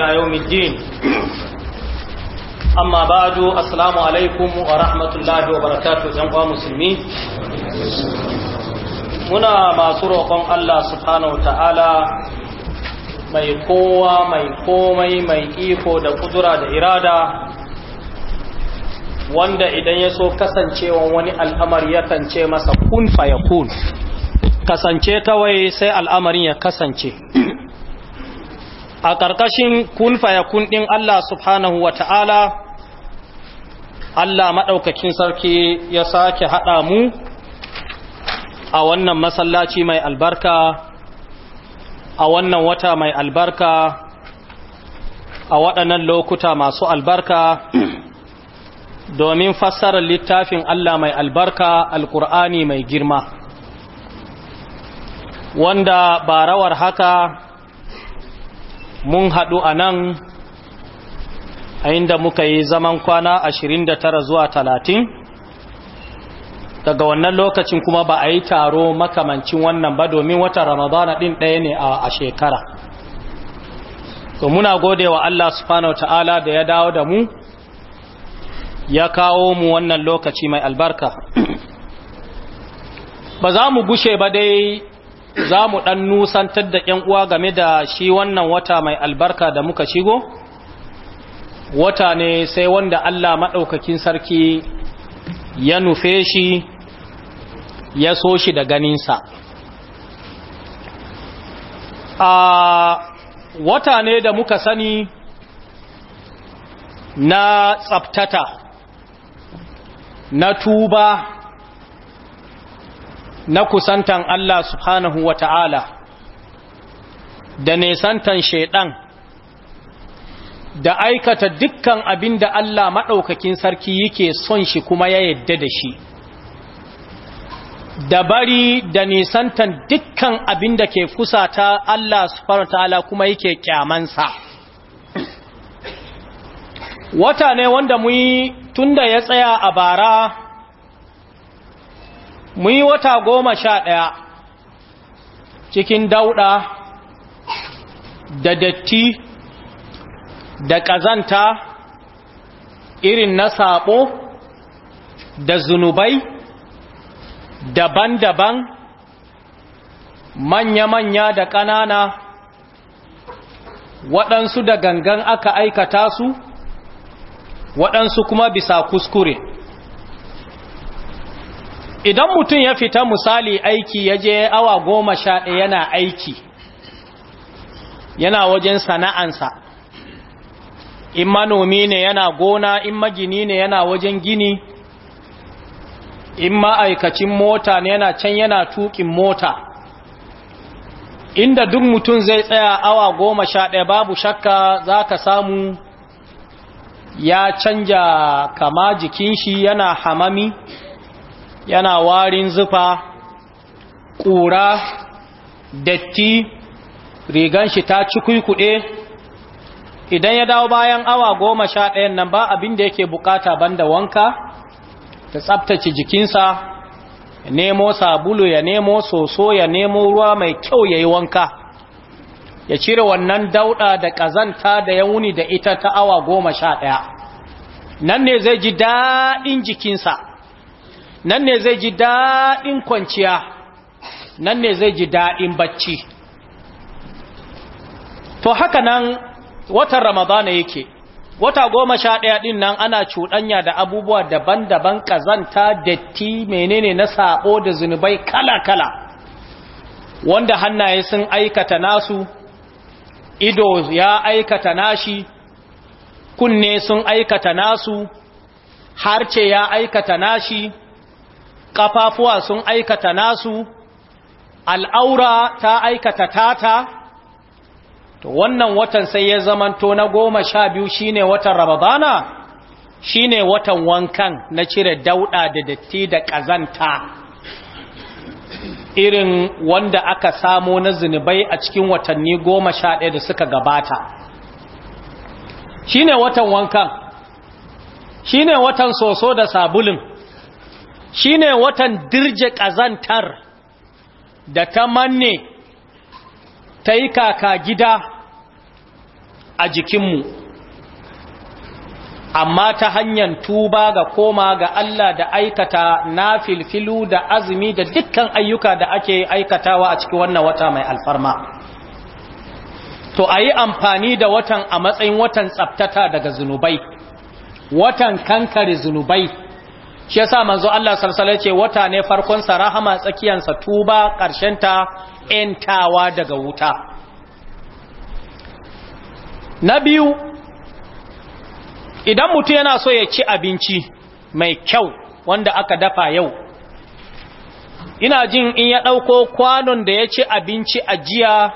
إلى يوم الدين أما بعد السلام عليكم ورحمة الله وبركاته جمع مسلمين muna masu roƙon Allah سبحانه ta'ala mai kowa mai komai mai iko da kudura da irada wanda idan ya so kasancewa wani alamar yakan ce masa kun kun kasance kawai sai al'amarin ya kasance a ƙarƙashin kun kundin Allah subhanahu wa ta'ala Allah maɗaukakin sarki ya sake haɗa mu a wannan masallaci mai albarka a wannan wata mai albarka a waɗannan lokuta masu albarka domin fassarar littafin Allah mai albarka Alƙur'ani mai girma wanda barawar haka mun haɗu a nan a inda muka yi zaman kwana 29 zuwa 30 daga wannan lokacin kuma ba a yi taro makamancin wannan ba domin wata ramadana ɗin ɗaya ne a shekara to muna gode wa Allah subhanahu ta'ala da ya dawo da mu ya kawo mu wannan lokaci mai albarka ba za mu gushe ba dai za mu ɗan nusantar da ‘yan uwa game da shi wannan wata mai albarka da muka shigo? Wata ne sai wanda Allah maɗaukakin sarki ya nufe shi ya so shi da ganinsa. A wata ne da muka sani na tsabtata, na tuba, na kusantan Allah subhanahu wa ta'ala da nesantan shaiɗan da aikata dukkan abin da Allah maɗaukakin sarki yake son shi kuma ya yadda da shi da bari da nisantan dukkan abin da ke fusata Allah subhanahu wa ta'ala kuma yake kyamansa wata ne wanda muyi yi tun da ya tsaya a bara mu yi wata goma sha ɗaya cikin dauɗa da datti da ƙazanta irin na saɓo da zunubai daban-daban manya-manya da ƙanana waɗansu da gangan aka aikata su waɗansu kuma bisa kuskure idan mutum ya fita misali aiki ya je awa goma sha ɗaya yana aiki yana wajen sana'ansa in manomi ne yana gona in magini ne yana wajen gini in ma'aikacin mota ne yana can yana tukin mota inda duk mutum zai tsaya awa goma sha ɗaya babu shakka za ka samu ya canja kama jikin shi yana hamami yana warin zufa ƙura datti rigan shi ta ci kuikuɗe idan ya dawo bayan awa goma sha ɗayan nan ba abin da yake bukata banda wanka ta tsabtace jikinsa ya nemo sabulu ya nemo soso ya nemo ruwa mai kyau ya yi wanka ya cire wannan dauɗa da ƙazanta da ya wuni da ita ta awa goma sha ɗaya nan ne zai ji daɗin jikinsa nan ne zai ji daɗin kwanciya nan ne zai ji daɗin bacci to haka nan watan ramadana yake wata goma sha ɗaya ɗin nan ana cuɗanya da abubuwa daban-daban ƙazanta datti menene na saɓo da zunubai kala-kala wanda hannaye sun aikata nasu ido ya aikata nashi kunne sun aikata nasu harce ya aikata nashi ƙafafuwa sun aikata nasu al'aura ta aikata tata to wannan watan sai ya zamanto na goma sha biyu shine watan shi shine watan wankan na cire dauɗa da datti da ƙazanta irin wanda aka samo na zunubai a cikin watanni goma sha ɗaya da suka gabata Shi ne watan wankan Shi ne watan soso da sabulin shine watan dirje ƙazantar da ta manne ta yi kaka gida a jikinmu amma ta hanyar tuba ga koma ga Allah da aikata na filfilu da azumi da dukkan ayyuka da ake aikatawa a cikin wannan wata mai alfarma to a yi amfani da watan a matsayin watan tsabtata daga zunubai watan kankare zunubai shi yasa manzo Allah sallallahu alaihi wata ne farkon sa rahama tsakiyan sa tuba karshen ta entawa daga wuta na biyu idan mutum yana so ya ci abinci mai kyau wanda aka dafa yau ina jin in ya ɗauko kwanon da ya ci abinci a jiya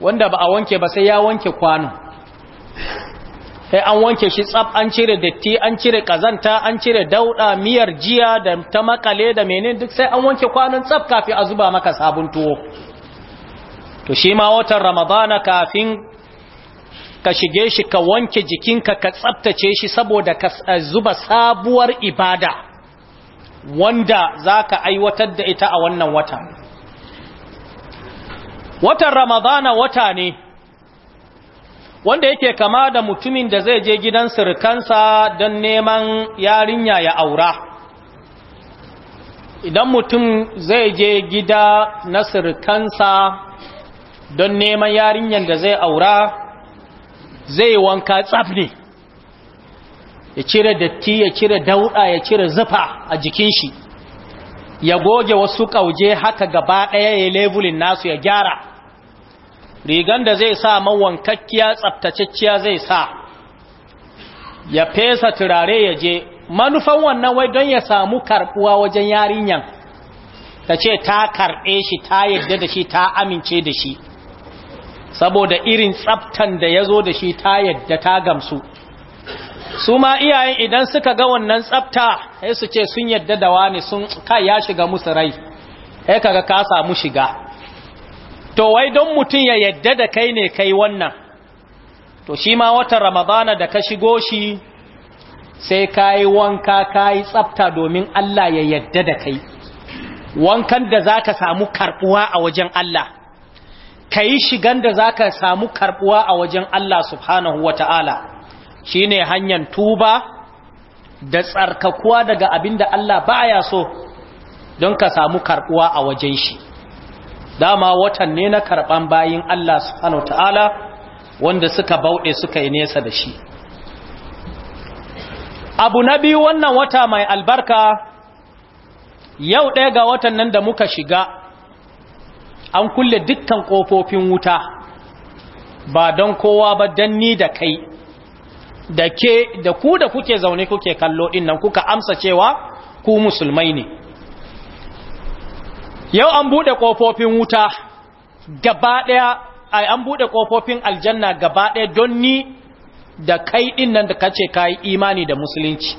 wanda ba a wanke ba sai ya wanke kwanon sai an wanke shi tsab an cire datti an cire kazanta an cire dauda miyar jiya da ta makale da menene duk sai an wanke kwanan tsab kafin a zuba maka sabon tuwo to shi ma watan ramadana kafin ka shige shi ka wanke jikinka ka tsabtace shi saboda ka eh, zuba sabuwar ibada wanda za ka aiwatar da ita a wannan wata watan ramadana wata ne wanda yake kama da mutumin da zai je gidan sirkansa don neman yarinya ya aura idan mutum zai je gida na sirkansa don neman yarinyar da zai aura zai wanka ne. ya cire datti ya cire dauda ya cire zufa a jikin shi ya goge wasu kauje haka gaba ɗaya ya lebulin nasu ya gyara rigan da zai sa kakkiya tsaftacecciya zai sa ya fesa turare ya je manufan wannan wai don ya samu karbuwa wajen yarinyan ta ce ta karbe shi ta yadda da shi ta amince da shi saboda irin tsaftan da ya zo da shi ta yadda ta gamsu su ma iyayen idan suka ga wannan tsafta sai su ce sun yadda da wani sun kai ya shiga musu rai sai kaga ka samu shiga to wai don mutum ya yadda da kai ne kai wannan to shi ma watan ramadana da ka shigo shi sai ka yi wanka ka yi tsafta domin Allah ya yadda da kai wankan da za ka samu karbuwa a wajen Allah ka yi shigan da za ka samu karbuwa a wajen Allah subhanahu wa ta'ala shi ne hanyar tuba da tsarkakuwa daga abin da Allah baya so don ka samu karbuwa a wajen shi dama watan ne na karban bayin Allah subhanahu ta'ala wanda suka bauɗe suka yi nesa da shi abu na biyu wannan wata mai albarka yau ɗaya ga watan nan da muka shiga an kulle dukkan ƙofofin wuta ba don kowa ba don ni da kai da ke da ku da kuke zaune kuke kallo ɗin nan kuka amsa cewa ku musulmai ne yau an buɗe ƙofofin wuta gaba ai an buɗe ƙofofin aljanna gabaɗaya don ni da kai ɗin nan da kace ka yi imani da musulunci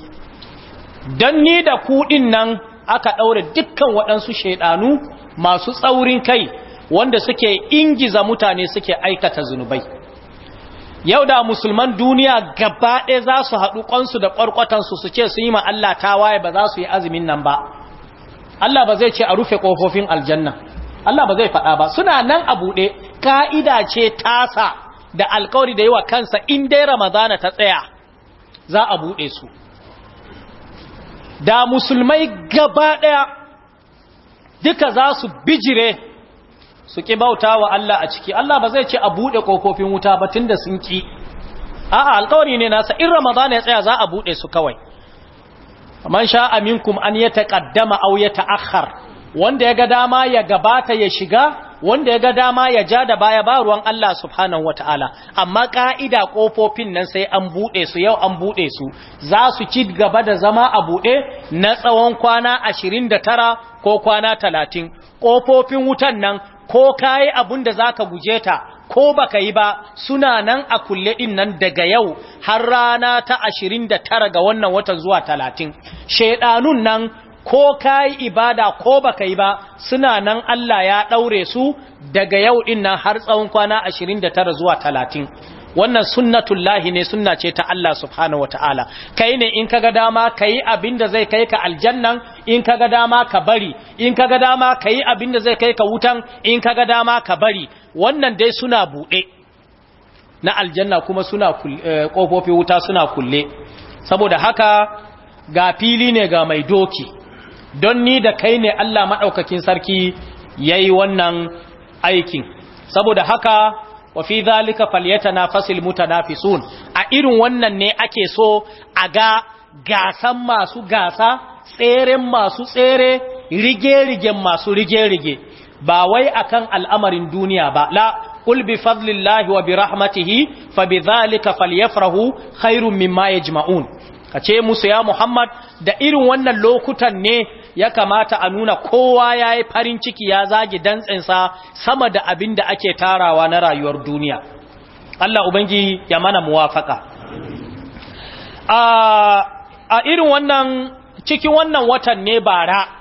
don ni da ku ɗin nan aka ɗaure dukkan waɗansu shaiɗanu masu tsaurin kai wanda suke ingiza mutane suke aikata zunubai yau da musulman duniya gaba za su haɗu ƙwansu da ƙwarƙwatansu su ce su yi ma Allah ta waye ba za su yi azumin nan ba Allah ba zai ce a rufe kofofin aljanna Allah ba zai faɗa ba suna nan a buɗe ka'ida ce tasa da alkawari da yi wa kansa in dai ramadana ta tsaya za a buɗe su da musulmai gaba ɗaya duka za su bijire su ƙi bauta wa Allah a ciki Allah ba zai ce a buɗe kofofin wuta ba tun da sun ƙi a'a alkawari ne nasa in ramadana ya tsaya za a buɗe su kawai man sha aminkum an ya taqaddama aw ya ta'akhkhar wanda ya ga dama ya gabata ya shiga wanda ya ga dama ya ja da baya ba ruwan Allah subhanahu wataala amma ka'ida kofofin nan sai an bude su yau an bude su za su ci gaba da zama a bude na tsawon kwana 29 ko kwana 30 kofofin wutan nan ko kai abun da zaka guje ta ko baka yi ba suna nan a kulle din nan daga yau har rana ta 29 ga wannan watan zuwa 30 shedanun nan ko kai ibada ko baka yi ba suna nan Allah ya daure su daga yau din nan har tsawon kwana 29 zuwa 30 wannan sunnatullahi ne sunna ce ta Allah subhanahu wataala kai ne in kaga dama kai abinda zai kai ka aljannan in kaga dama ka bari in kaga dama kai abinda zai kai ka wutan in kaga dama ka bari wannan dai suna buɗe na aljanna kuma suna kofofi eh, wuta suna kulle saboda haka ga fili ne ga mai doki don ni da kai ne Allah maɗaukakin sarki ya yi wannan aikin saboda haka wa fi zalika falyata na fasil mutanafisun a irin wannan ne ake so a ga gasan masu gasa tseren masu tsere rige-rigen masu rige-rige ba wai akan al'amarin duniya ba la qul bi fadlillahi wa bi rahmatihi fa bi dhalika falyafrahu khairun mimma yajma'un ce musu ya Muhammad da irin wannan lokutan ne ya kamata a nuna kowa yayi farin ciki ya zagi dantsinsa sama da abin da ake tarawa na rayuwar duniya Allah ubangi ya mana muwafaka a irin wannan cikin wannan watan ne bara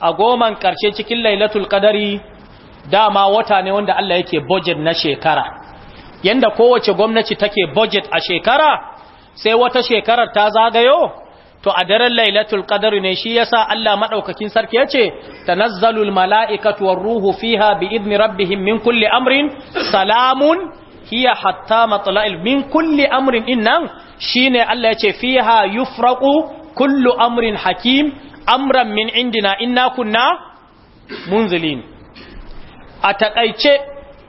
a goman ƙarshe cikin lailatul ƙadari dama wata ne wanda Allah yake budget na shekara yanda kowace gwamnati take budget a shekara sai wata shekarar ta zagayo to a daren lailatul ƙadari ne shi yasa Allah maɗaukakin sarki yace nazzalul mala'ikatu war ruhu fiha bi idni rabbihim min kulli amrin salamun hiya hatta matla'il min kulli amrin innan shine Allah yace fiha yufraƙu kullu amrin hakim amran min indina inna kunna munzilin a takaice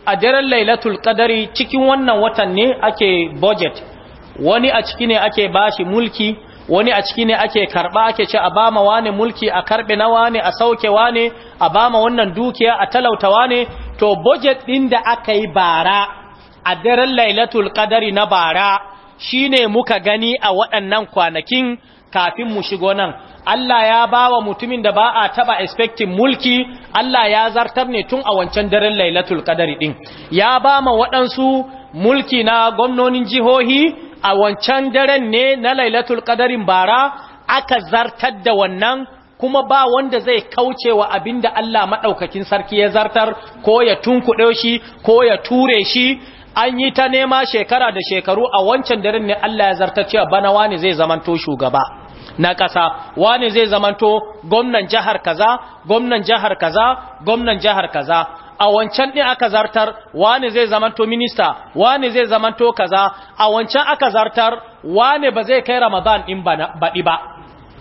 a daren lailatul qadari cikin wannan watan ne ake budget wani a ciki ne ake bashi mulki wani a ciki ne ake karba ake ce a bama wane mulki a karbe na wane a sauke wane a bama wannan dukiya a talauta wane to budget din da aka yi bara a daren lailatul qadari na bara shine muka gani a waɗannan kwanakin kafin mu shigo nan Allah ya bawa mutumin da ba a taba expecting mulki Allah ya zartar ne tun a wancan daren Lailatul Qadari din ya ba ma waɗansu mulki na gwamnonin jihohi a wancan daren ne na Lailatul Qadarin bara aka zartar da wannan kuma ba wanda zai kauce wa abinda Allah madaukakin sarki ya zartar ko ya tunkuɗe shi ko ya ture shi an yi ta nema shekara da shekaru a wancan daren ne Allah ya zarta cewa bana wani zai zamanto shugaba na ƙasa wani zai zamanto gwamnan jihar kaza gwamnan jihar kaza gwamnan jihar kaza a wancan ɗin aka zartar wani zai zamanto minista wani zai zamanto kaza a wancan aka zartar wani ba zai kai ramadan ɗin baɗi ba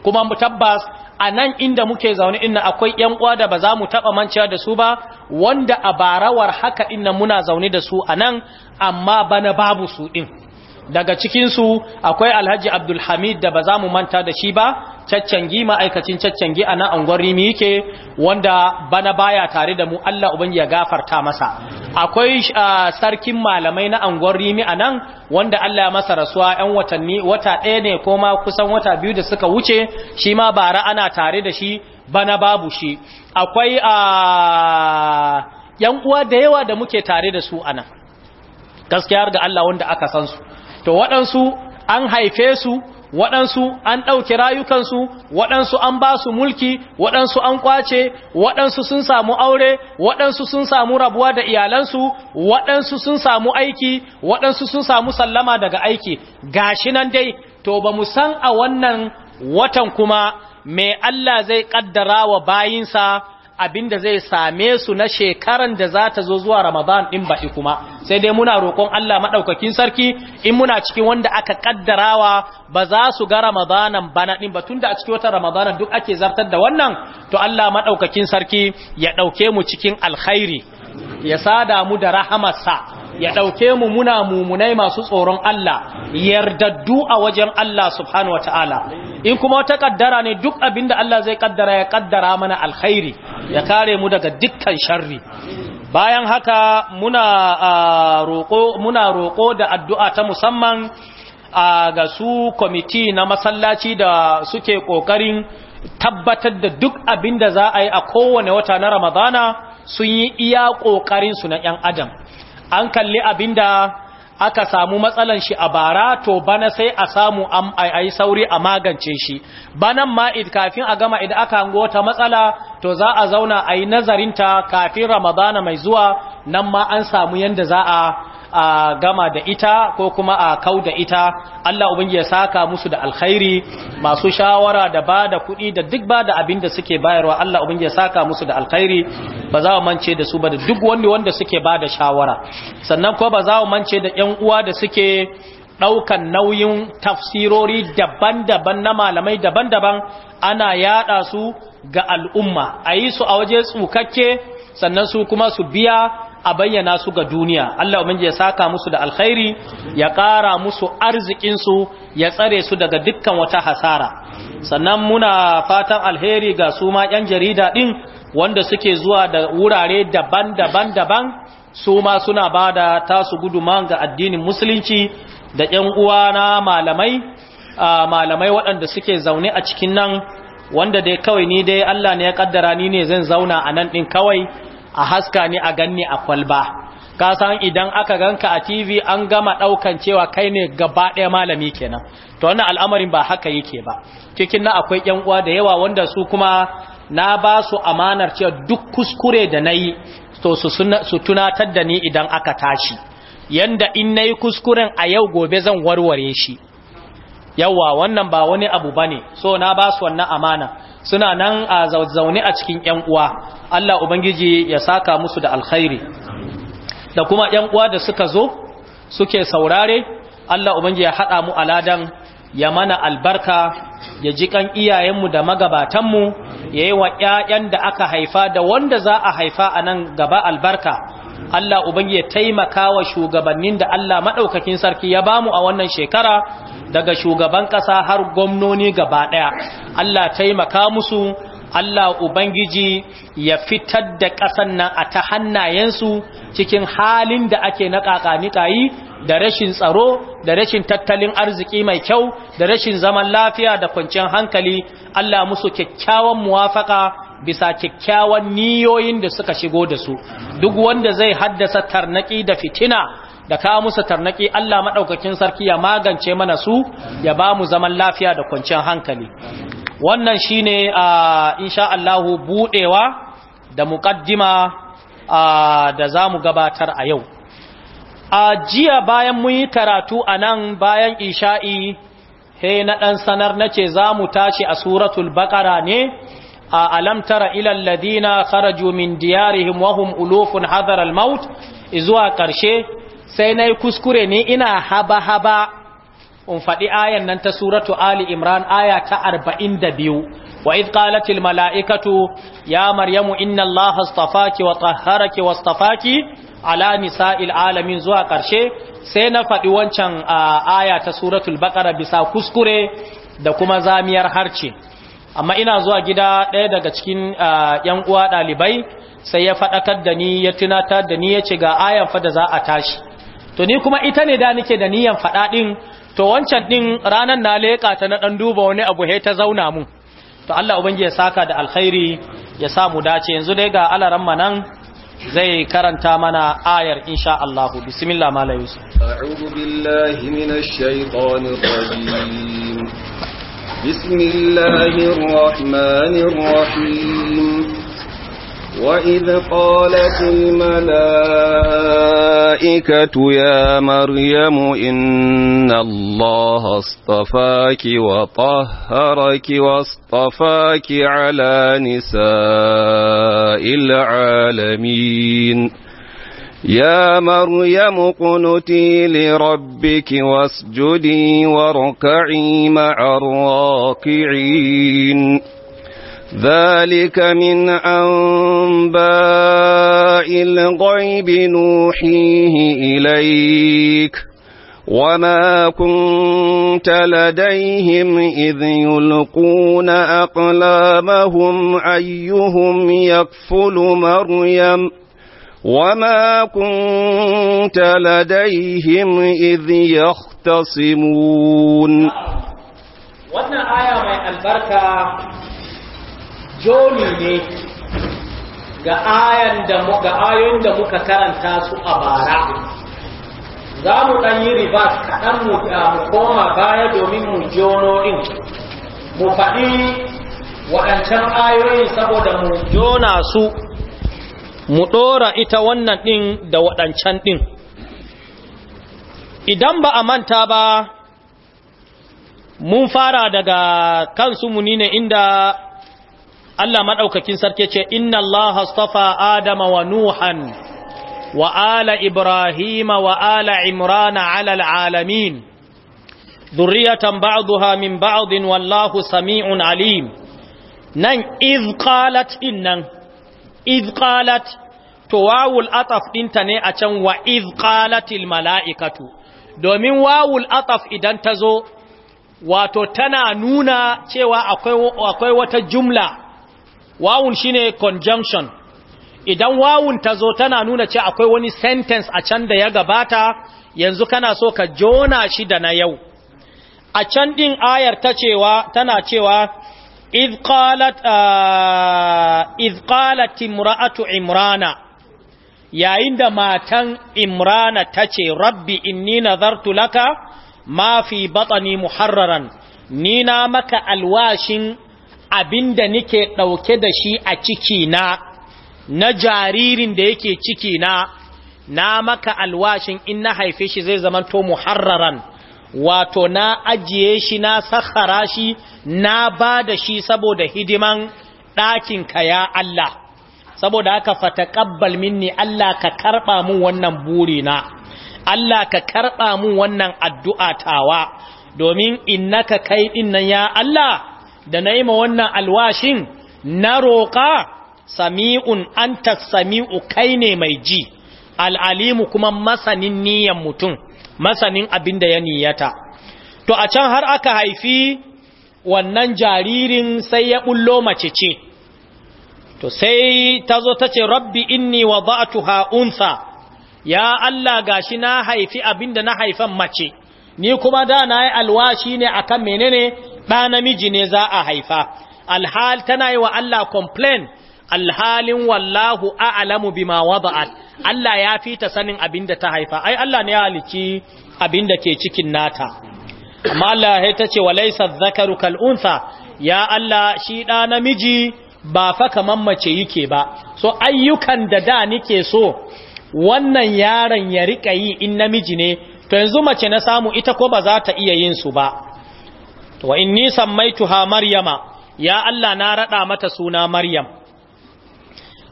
kuma tabbas a nan inda muke zaune inna akwai yan uwa da ba za mu taɓa mancewa da su ba wanda a barawar haka inna muna zaune da su a nan amma bana babu su din daga cikinsu akwai alhaji abdulhamid da ba za mu manta da shi ba caccangi ma'aikacin caccangi a nan angon rimi yake wanda bana baya tare da mu Allah ubangi ya gafarta masa akwai sarkin malamai na angon rimi a nan wanda Allah ya masa rasuwa yan watanni wata ɗaya ne ko ma kusan wata biyu da suka wuce shi ma bara ana tare da shi bana babu shi akwai a yan uwa da yawa da muke tare da su a nan gaskiyar ga Allah wanda aka san su to waɗansu an haife su waɗansu an ɗauki rayukansu waɗansu an ba su mulki waɗansu an kwace waɗansu sun samu aure waɗansu sun samu rabuwa da iyalansu waɗansu sun samu aiki waɗansu sun samu sallama daga aiki gashi nan dai to ba mu san a wannan watan kuma me Allah zai ƙaddara wa bayinsa abinda zai same su na shekaran da za ta zo zuwa Ramadan din baɗi kuma sai dai muna roƙon Allah maɗaukakin sarki in muna cikin wanda aka kaddarawa ba za su ga Ramadanan bana din ba tunda a cikin wata Ramadanan duk ake zartar da wannan to Allah maɗaukakin sarki ya ɗauke mu cikin alkhairi ya sada mu da rahamarsa ya ɗauke mu muna mumunai masu tsoron Allah yardaddu a wajen Allah subhanahu wa ta'ala in kuma wata kaddara ne duk abinda Allah zai kaddara ya kaddara mana alkhairi ya kare mu daga dukkan sharri bayan haka muna roƙo muna roko da addu'a ta musamman ga su kwamiti na masallaci da suke ƙoƙarin tabbatar da duk abinda za a yi a kowane wata na Ramadana sun yi iya ƙoƙarinsu na 'yan adam an kalli abinda aka samu matsalan shi a bara to bana sai a samu a sauri a magance shi banan ma kafin a gama idan aka hango wata matsala to za a zauna a yi nazarinta kafin ramadana mai zuwa nan ma an samu yadda za a a gama da ita ko kuma a kau da ita Allah ubangi ya saka musu da alkhairi masu shawara da ba da kuɗi da duk ba da abin da suke bayarwa Allah ubangi ya saka musu da alkhairi ba za mu mance da su ba da duk wanda wanda suke ba da shawara sannan ko ba za mu mance da ƴan uwa da suke ɗaukan nauyin tafsirori daban-daban na malamai daban-daban ana yada su ga al'umma a yi su a waje tsukakke sannan su kuma su biya a bayyana su ga duniya Allah ubangi ya saka musu da alkhairi ya ƙara musu arzikinsu ya tsare su daga dukkan wata hasara sannan muna fatan alheri ga su ma 'yan jarida ɗin wanda suke zuwa da wurare daban-daban daban su ma suna ba da tasu guduman ga addinin musulunci da 'yan uwa na malamai malamai waɗanda suke zaune a cikin nan wanda dai kawai ni dai Allah ne ya kaddara ni ne zan zauna a nan ɗin kawai a haska ne a ganni a kwalba ka san idan aka ganka a TV an gama daukan cewa kai ne gaba ɗaya malami kenan to wannan al'amarin ba haka yake ba cikin na akwai ƴan uwa da yawa wanda su kuma na ba su amanar cewa duk kuskure da nayi to su su tunatar da ni idan aka tashi yanda in nayi kuskuren a yau gobe zan warware shi yawa wannan ba wani abu bane so na ba su wannan amana suna nan a zaune a cikin ‘yan uwa Allah Ubangiji ya saka musu da alkhairi da kuma ‘yan uwa da suka zo suke saurare Allah Ubangiji ya haɗa mu aladan ya mana albarka ya ji kan iyayenmu da magabatanmu ya yi wa ‘ya'yan da aka haifa da wanda za a haifa a nan gaba albarka Allah ubangi ya taimaka wa shugabannin da Allah maɗaukakin sarki ya bamu a wannan shekara daga shugaban ƙasa har gwamnoni gaba ɗaya Allah taimaka musu Allah Ubangiji ya fitar da ƙasan nan a ta hannayensu cikin halin da ake na ƙaƙanikayi da rashin tsaro da rashin tattalin arziki mai kyau da rashin zaman lafiya da kwanciyar hankali Allah musu kyakkyawan muwafaka bisa kyakkyawan niyoyin da suka shigo da su duk wanda zai haddasa tarnaki da fitina da kawo musu tarnaki Allah maɗaukakin sarki ya magance mana su ya ba mu zaman lafiya da kwanciyar hankali wannan shine ne, insha Allahu budewa da muƙaddima da zamu gabatar a yau a jiya bayan mun yi karatu nan bayan isha'i he na dan sanar nace mu tashi a suratul baqara ne a alam tara ila alladhina kharaju min diyarihim wa hum ulufun hadar al-maut karshe sai nayi kuskure ne ina haba haba in faɗi ayan nan ta suratu Ali Imran aya ta 42 wa idh qalatil mala'ikatu ya maryamu inna allaha astafaki wa tahharaki wastafaki ala nisa'il alamin zuwa ƙarshe sai na faɗi wancan aya ta suratul baqara bisa kuskure da kuma zamiyar harce amma ina zuwa gida ɗaya daga cikin yan uwa ɗalibai sai ya faɗakar da ni ya tunatar da ni ya ce ga ayan fa da za a tashi to ni kuma ita ne da nake da niyan faɗa ɗin to wancan ɗin ranar na leƙa ta na ɗan duba wani abu he ta zauna mun to Allah ubangi ya saka da alkhairi ya sa mu dace yanzu dai ga alaran nan zai karanta mana ayar insha Allah bismillah malayus a'udhu billahi minash shaitanir rajim بسم الله الرحمن الرحيم وإذ قالت الملائكة يا مريم إن الله اصطفاك وطهرك واصطفاك على نساء العالمين يا مريم اقنتي لربك واسجدي واركعي مع الراكعين ذلك من أنباء الغيب نوحيه إليك وما كنت لديهم إذ يلقون أقلامهم أيهم يكفل مريم ۖ وما كنت لديهم إذ يختصمون wannan aya mai albarka joni ne ga ayan da ga ayoyin da muka karanta su a bara za mu ɗan yi ribas kaɗan mu koma baya domin mu jono ɗin mu faɗi waɗancan ayoyin saboda mu jona su mu ɗora ita wannan ɗin da waɗancan ɗin idan ba a manta ba mun fara daga kansu mu ne inda Allah maɗaukakin sarki ce inna Allah astafa Adama wa Nuhan wa ala Ibrahima wa ala Imrana ala alamin zurriyatan ba'daha min ba'din wallahu sami'un alim nan iz qalat innan iz qalat to wawul ataf dinta ne a can wa iz qalatil mala'ikatu domin wawul ataf idan tazo wato tana nuna cewa akwai wata jumla wawun shine conjunction idan wawun ta zo tana nuna cewa akwai wani sentence a can da ya gabata yanzu kana so ka jona shi da na yau a can din ayar ta cewa tana cewa إذ قالت آه إذ قالت امرأة عمران يا عند ما تن عمران تشي ربي إني نظرت لك ما في بطني محررا نينا مك الواشن abinda nike ɗauke da shi a cikina na jaririn da yake cikina na maka alwashin in na haife shi zai zamanto muharraran wato na ajiye shi na sakhara shi na ba da shi saboda hidiman ɗakinka ya Allah saboda haka ƙabbal minni Allah ka karɓa mun wannan buri na Allah ka karɓa mun wannan addu'a tawa domin innaka kai dinnan ya Allah da na ma wannan alwashin na roƙa sami'un an sami'u kai ne mai ji al'alimu kuma masanin niyan mutum masanin abin da ya niyata to a can har aka haifi wannan jaririn sai ya bullo mace ce to sai ta zo ta ce rabbi inni wa ba'atuha unsa ya Allah gashi na haifi abin da na haifan mace ni kuma da na yi alwashi ne akan menene ɗa namiji ne za a haifa alhal tana yi wa Allah complain alhalin wallahu a'lamu bima wada'at Allah ya fi ta sanin abinda ta haifa ai Allah ne ya halici abinda ke cikin nata amma Allah ya tace walaysa dhakaru kal untha ya Allah shi da namiji ba fa kaman mace yake ba so ayyukan da da nike so wannan yaron ya rika yi in namiji ne to yanzu mace na samu ita ko ba za ta iya yin su ba wa inni sammaituha maryama ya Allah na rada mata suna maryam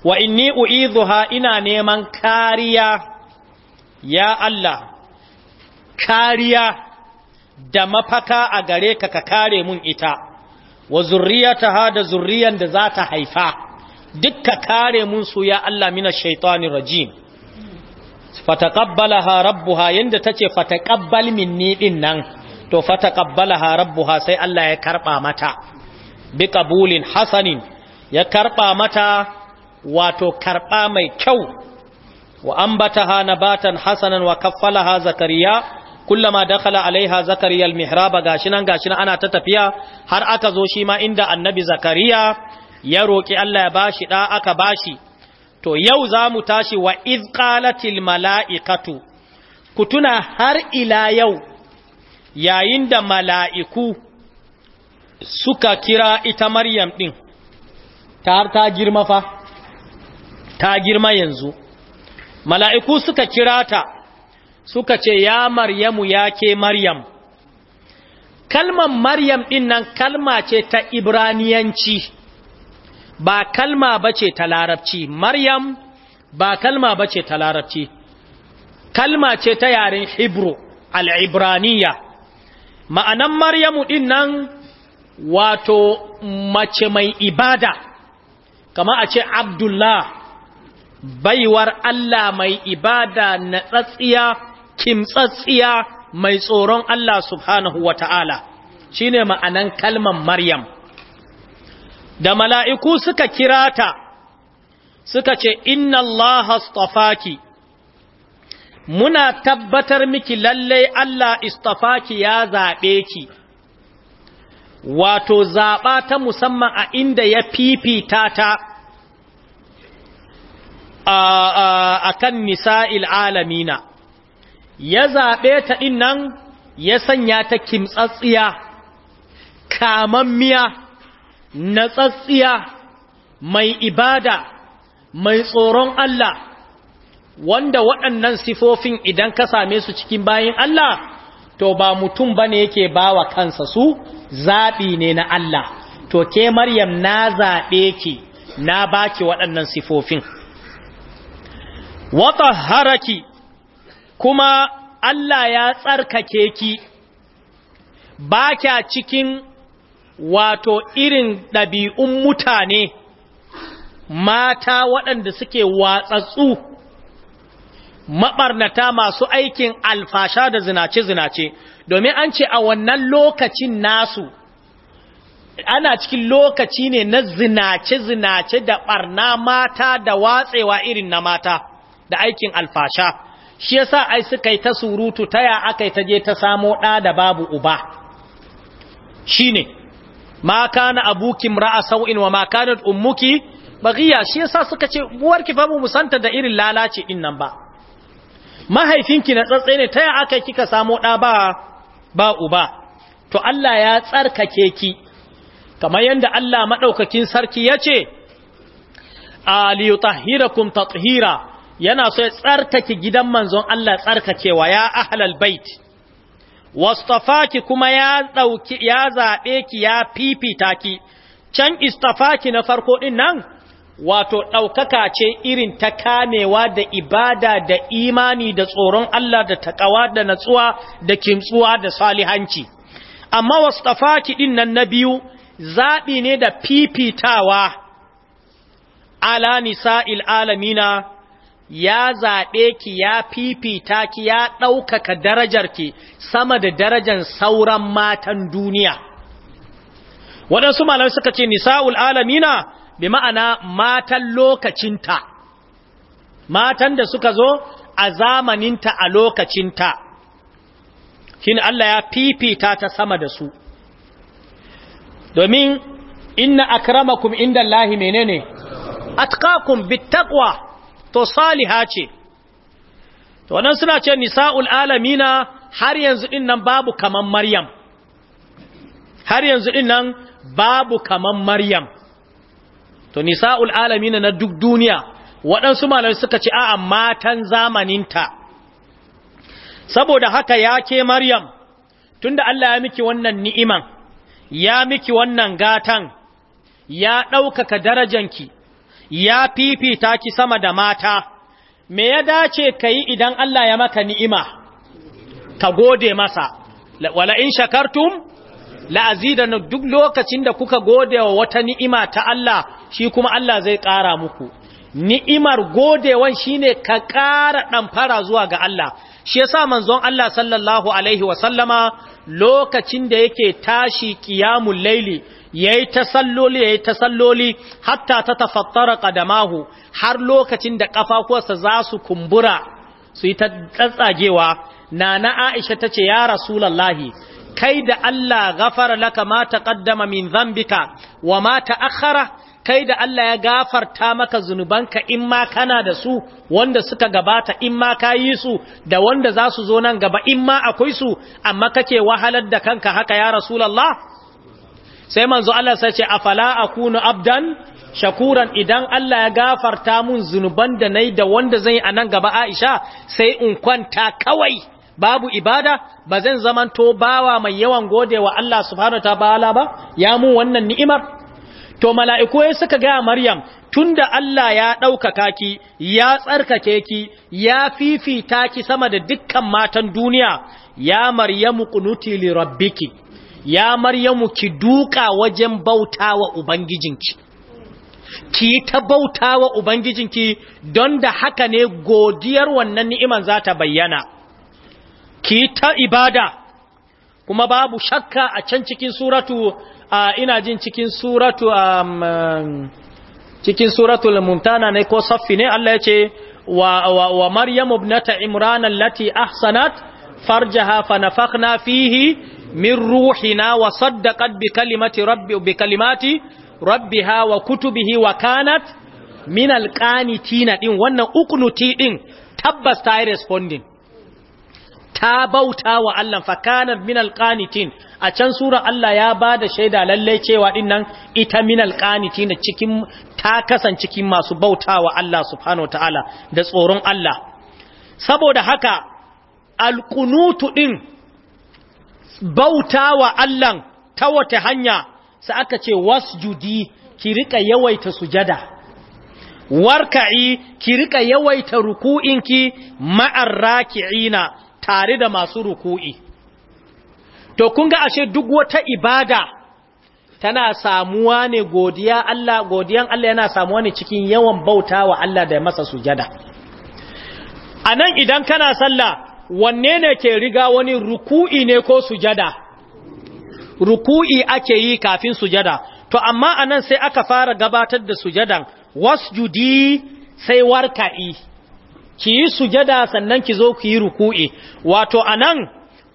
wa inni u'idhuha ina neman kariya ya Allah kariya da mafaka a gare ka ka kare mun ita wa zurriyataha da zurriyan da za ta haifa dukka kare mun su ya Allah mina shaitanir rajim fataqabbalaha rabbuha yanda tace fataqabbal minni din nan to fataqabbalaha rabbuha sai Allah ya karba mata bi qabulin hasanin ya karba mata wato karɓa mai kyau wa ambataha nabatan hasanan wa kaffalaha zakariya kullama dakhala alaiha zakariya almihraba gashinan gashinan ana ta tafiya har aka zo shi ma inda annabi zakariya ya roki Allah ya bashi da aka bashi to yau zamu tashi wa iz qalatil malaikatu kutuna har ila yau yayin da mala'iku suka kira ita maryam din ta har ta girma fa ta girma yanzu mala'iku suka kira ta suka ce ya maryamu ya ke maryam kalmar maryam ɗin nan kalma ce ta ibraniyanci ba kalma bace ta larabci maryam ba kalma bace ta larabci kalma ce ta yaren hebrew al'ibraniya ma'anan maryamu ɗin nan wato mace mai ibada kama a ce abdullah baiwar Allah mai ibada na tsatsiya kimtsatsiya mai tsoron Allah subhanahu wata'ala ne ma'anan kalman Maryam da mala'iku suka kira ta suka ce inna Allah astafaki muna tabbatar miki lallai Allah istafaki ya zaɓe ki wato zaɓa ta musamman a inda ya fifita ta a kan nisa'il alamina ya zaɓe ta ɗin nan ya sanya ta kimtsatsiya kamammiya natsatsiya mai ibada mai tsoron Allah wanda waɗannan sifofin idan ka same su cikin bayan Allah to ba mutum ba ne yake ba wa kansa su zaɓi ne na Allah to ke Maryam na zaɓe ki na baki waɗannan sifofin wata haraki kuma Allah ya tsarkake ki ba kya cikin wato irin ɗabi'un mutane mata waɗanda suke watsatsu maɓarnata masu aikin alfasha da zinace-zinace domin an ce a wannan lokacin nasu ana cikin lokaci ne na zinace-zinace da ɓarna mata da watsewa irin na mata da aikin alfasha shi yasa ai suka yi ta surutu taya aka ta je ta samo ɗa da babu uba shine ma kana abuki imra'a sau'in wa ma kanat ummuki baghiya shi yasa suka ce uwarki fa mu musanta da irin lalace din nan ba mahaifinki na tsatse ne taya aka kika samo ɗa ba ba uba to Allah ya tsarkake ki kamar yadda Allah madaukakin sarki yace yutahhirakum tathira yana so ya tsarkake gidan manzon Allah tsarkakewa ya ahlal bait wastafaki kuma ya dauki ya zabe ki ya fifita ki can istafaki na farko din nan wato daukaka ce irin ta kamewa da ibada da imani da tsoron Allah da takawa da natsuwa da kimtsuwa da salihanci amma wastafaki din nan na biyu zabi ne da fifitawa ala nisa'il alamina ya zaɓe ki ya fifita ki ya ɗaukaka darajar ki sama da darajar sauran matan duniya waɗansu malamai suka ce nisa'ul alamina bi ma'ana matan lokacinta matan da suka zo a zamaninta a lokacinta shin Allah ya fifita ta sama da su domin inna akramakum inda Allah menene atqakum bittaqwa to saliha ce to nan suna ce nisa'ul alamina har yanzu din nan babu kaman maryam har yanzu din nan babu kaman maryam to nisa'ul alamina na duk duniya waɗansu malamai suka ce a'a matan zamaninta saboda haka ya ke maryam tunda Allah ya miki wannan ni'iman ya miki wannan gatan ya ɗaukaka darajanki ya fifita ki sama da mata me ya dace ka yi idan Allah ya maka ni'ima ka gode masa wala in shakartum la'azida na duk lokacin da kuka gode wa wata ni'ima ta Allah shi kuma Allah zai ƙara muku ni'imar godewan shine ka ƙara ɗamfara zuwa ga Allah shi yasa manzon Allah sallallahu alaihi sallama lokacin da yake tashi qiyamul laili yayi tasalloli yayi tasalloli hatta tatafattara qadamahu har lokacin da kafafuwarsa za su kumbura su yi ta tsatsagewa nana Aisha tace ya rasulullahi kai da Allah ghafara laka ma taqaddama min dhanbika wa ma ta'akhkhara kai da Allah ya gafarta maka zunubanka in ma kana da su wanda suka gabata in ma ka yi su da wanda za su zo nan gaba in ma akwai su amma kake wahalar da kanka haka ya rasulullah sai manzo Allah sai ce afala akunu abdan shakuran idan Allah ya gafarta mun zunuban da nayi da wanda zan yi a nan gaba Aisha sai in kwanta kawai babu ibada ba zan to bawa mai yawan godewa Allah subhanahu wataala ba ya mu wannan ni'imar to mala'iku ya suka gaya Maryam tunda Allah ya ɗaukaka ki ya tsarkake ki ya fifita ki sama da dukkan matan duniya ya Maryamu kunuti li rabbiki ya Maryamu ki duka wajen bautawa ubangijinki ki ta bautawa ubangijinki don da haka ne godiyar wannan ni'iman za ta bayyana ki ta ibada kuma babu shakka a can cikin suratu Ah, ina jin cikin suratu cikin na mumtana ne ko saffi ne Allah ya ce wa wa, wa maryam ibnata imran allati ahsanat farjaha fa fihi min ruhina wa saddaqat bi kalimati rabbi bi kalimati rabbiha wa kutubihi wa kanat min alqanitina din wannan uqnuti din tabbas ta yi responding ta bauta wa Allah fakanar minal qanitin a can sura Allah ya ba da shaida lallai cewa din nan ita minal da cikin ta kasance cikin masu bauta wa Allah subhanahu ta'ala da tsoron Allah saboda haka alkunutu ɗin bauta wa Allah ta wata hanya su aka ce wasjudi ki rika yawaita sujada warka'i ki rika yawaita ruku'inki ma'ar raki'ina tare da masu ruku'i to kun ga ashe duk wata ibada tana samuwa ne godiya Allah godiyan Allah yana samuwa ne cikin yawan bauta wa Allah da masa sujada anan idan kana sallah wanne ne ke riga wani ruku'i ne ko sujada ruku'i ake yi kafin sujada to amma anan sai aka fara gabatar da sujadan wasjudi sai warka'i ki yi sujada sannan ki zo ki yi ruku'i wato anan